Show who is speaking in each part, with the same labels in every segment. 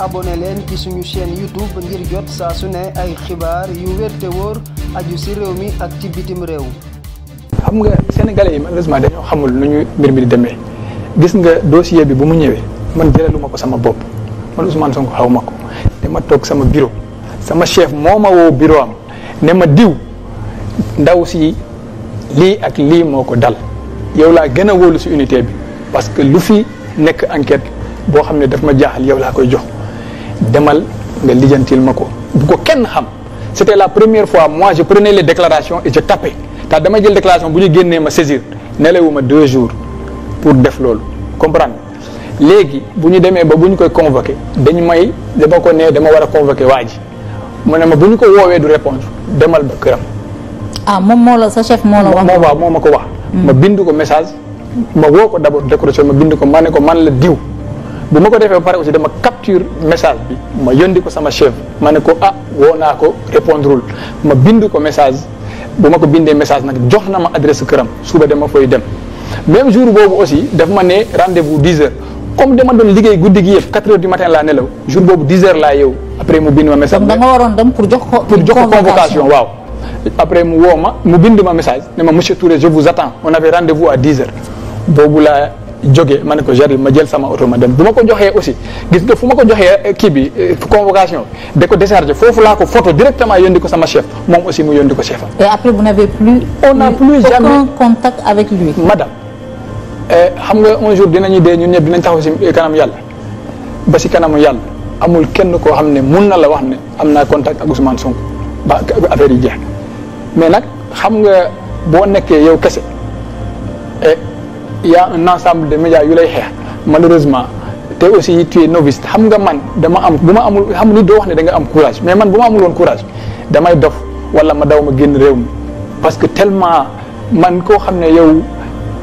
Speaker 1: abonné leen ci suñu chaîne YouTube ngir jot saa su ne ay xibaar yu wér te wóor aju si réew mi ak ci bitim réew. xam nga sénégalais yi malheureusement dañoo xamul nu ñu mbir mi demee gis nga dossier bi bu mu ñëwee man jëlalu ma ko sama bopp man Ousmane ko xaw ma ko dama toog sama bureau sama chef moo ma woo bureau am ne ma diw ndaw si lii ak lii moo ko dal yow laa gën a wóolu si unité bi parce que lu fi nekk enquête boo xam ne daf ma jaaxal yow laa koy jox. demal nga lijjantil ma ko bu ko kenn xam c'était la première fois moi je prenais les déclarations et je tapais tax damay jël déclaration bu ñu génnee ma saisir nelawuma deux jours pour def loolu comprendre léegi bu ñu demee ba bu ñu koy convoqué dañu may dama ko nee dama war a convoqué waa ji mu ne ma bu ñu ko woowee du répondre demal ba këram. ah moom moo la sa chef moo la wax. moo waaw moo ma ko wax. Hmm. ma bind ko message ma woo ko d'abord décroché ma bind ko ma ne ko man la diw. bu ma ko defee ba pare aussi dama capture message bi ma yëndi ko sama chef ma ne ko ah woo naa ko répondreul ma bind ko message bu ma ko bindee message nag jox na ma adresse këram suba dama fay dem même jour boobu aussi daf ma ne rendez-vous 10 heures comme dama doon liggéey guddi gi yëpp 4 heures du matin laa nelaw jour boobu 10 heures laa yeewu après mu bind ma message. ko. pour jox ko convocation waaw. après mu woo mu bind ma message ne ma monsieur Touré je vous attends on avait rendez-vous à 10 boobu laa. jógee ma ne ko jaril ma jël sama oto ma dem bu ma ko joxee aussi gis nga fu ma ko joxee euh, kii bi euh, convocation da ko déchargé foofu laa ko photo directement yónni ko sama chef moom aussi mu yónni ko chef am. et après vous n'avez plus. on n'a plus jamais aucun madame euh, xam nga un jour dinañu dee ñun ñëpp dinañ taxaw si kanam yàlla ba si kanamu yàlla amul kenn koo xam ne mun na la wax ne am naa contact ak Ousmane Sonko ba affaire yi jeex mais nag xam nga boo nekkee yow kese. yaa a un de médias yu lay xeex malheureusement te aussi tu es novice xam nga man dama am bu ma amul xam ni doo wax ne da nga am courage mais man bu ma amul woon courage damay dof wala ma daw ma génn réew mi parce que tellement man koo xam ne yow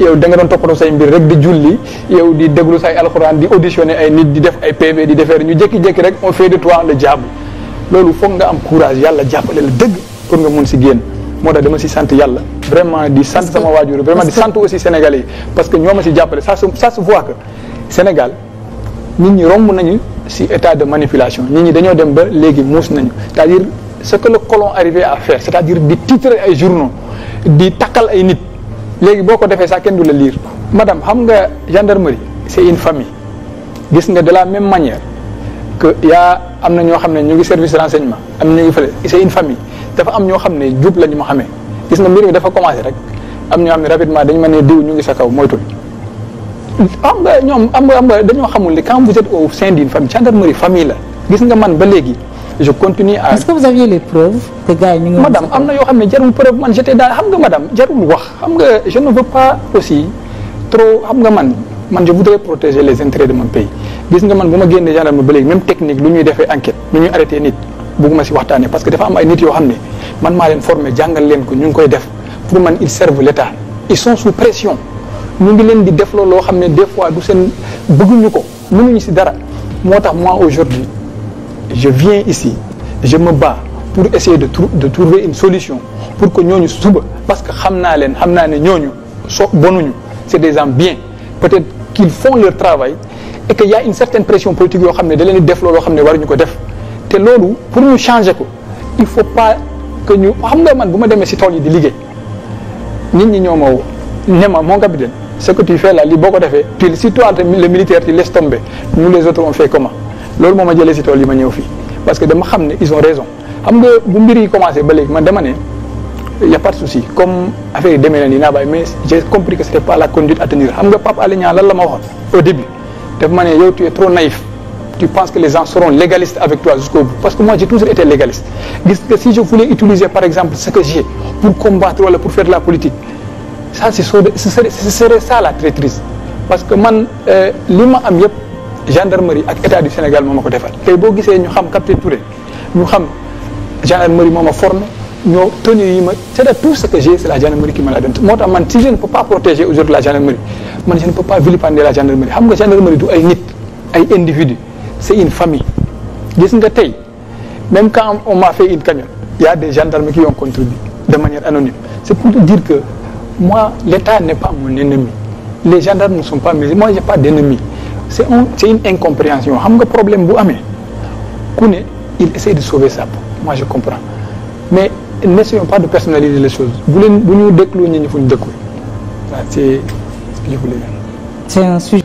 Speaker 1: yow da nga doon toppatoo say mbir rek di julli yow di déglu say alxuraan di auditionner ay nit di def ay PV di defeer ñu jékki-jékki rek on fait de toi le diable loolu foog nga am courage yàlla jàppale la dëgg pour nga mun si génn moo tax dama si sant yàlla vraiment di sant sama waajur vraiment di sant aussi Sénégalais yi parce que ñooma ma si jàppale ça se ça Sénégal nit ñi romb nañu si état de manipulation nit ñi dañoo dem ba léegi muus nañu c'est-à-dire ce que le colon arrivé à faire c'est-à-dire di titrer ay journaux di takkal ay nit léegi boo ko defee sa kenn du la lire. madame xam nga gendarmerie c'est une famille gis nga de la même manière que yaa am na ñoo xam ne ñu ngi service renseignement am na ñu ngi fële une famille dafa ñoo xam ne jub la ñu ma xamee. gis na mbir dafa commencé rek am ñoo xam ne rapidement dañu mën ne diw ñu ngi sa kaw moytul am nga ñoom am nga am nga dañoo xamul ne quand vous êtes au sein d'une famille famille la gis nga man ba léegi je continue à. est-ce que vous am na yoo xam ne jarul preuve man j'étais daal xam nga madame jarul wax xam nga xam nga man man je voudrais protéger les intérêts de mon pays gis nga man bu ma génnee gendarmerie ba léegi même technique lu ñuy defee enquête lu ñuy arrêté nit bugguma si waxtaanee parce que dafa am ay nit yoo xam ne. man maa leen formé jàngal leen ko ñu ngi koy def pour man ils le l'État ils sont sous pression ñu ngi leen di def loolu loo xam ne des fois du seen bëgguñu ko mënuñu ci dara moo tax moi aujourd'hui je viens ici je me bats pour essayer de de trouver une solution pour que ñooñu suba parce que xam naa leen xam naa ne ñooñu so bonuñu c'est des gens bien peut-être qu'ils font leur travail et que y a une certaine pression yoo xam ne da leen di def loo xam ne waruñu ko def te loolu pour ñu changer ko il faut pas que ñu xam nga man bu ma demee si tool yi di liggéey nit ñi ñoo ma woo ne ma mon capitaine ce que tu fais lii boo ko defee tu si toi le militaire tu laisses tomber nous les autres on fait comment loolu moo ma jëlee si tool yi ma ñëw fii parce que dama xam ne ils ont raison xam nga bu mbir yi ba léegi man dama ne y' a comme affaire yi demee na nii naa bàyyi mais j'ai compris que c'était pas la conduite à tenir xam nga Pape Alé Niang lan la ma waxoon au tu penses que les gens seront légalistes avec toi jusqu'au bout parce que moi j'ai toujours été légaliste gis nga si je voulais utiliser par exemple ce que j'ai pour combattre wala pour faire la politique ça c'est ce serait ce serait la traîtrise parce que man euh, li ma am yëpp gendarmerie ak état du Sénégal moo ma ko defal tey boo gisee ñu xam capitaine Touré ñu xam gendarmerie moo ma formé ñoo tenue yi ma c'est-à-dire tout ce que j'ai c'est la gendarmerie qui me l'a donné moo tax man si je ne peux pas protéger aujourd'hui la gendarmerie man c'est une famille gis nga tey même quand on m'a fait une cagnotte il y a des gendarmes qui ont contribué de manière anonyme c'est pour dire que moi l'État n'est pas mon ennemi les gendarmes ne sont pas mes moi j'ai pas d'ennemi c'est un c'est une incompréhension xam nga problème bu amee ku ne il essaie de sauver sa peau moi je comprends mais n'essayons pas de personnaliser les choses bu leen bu ñu déglu ñu ñu fu ñu dëkkul waaw c'est un sujet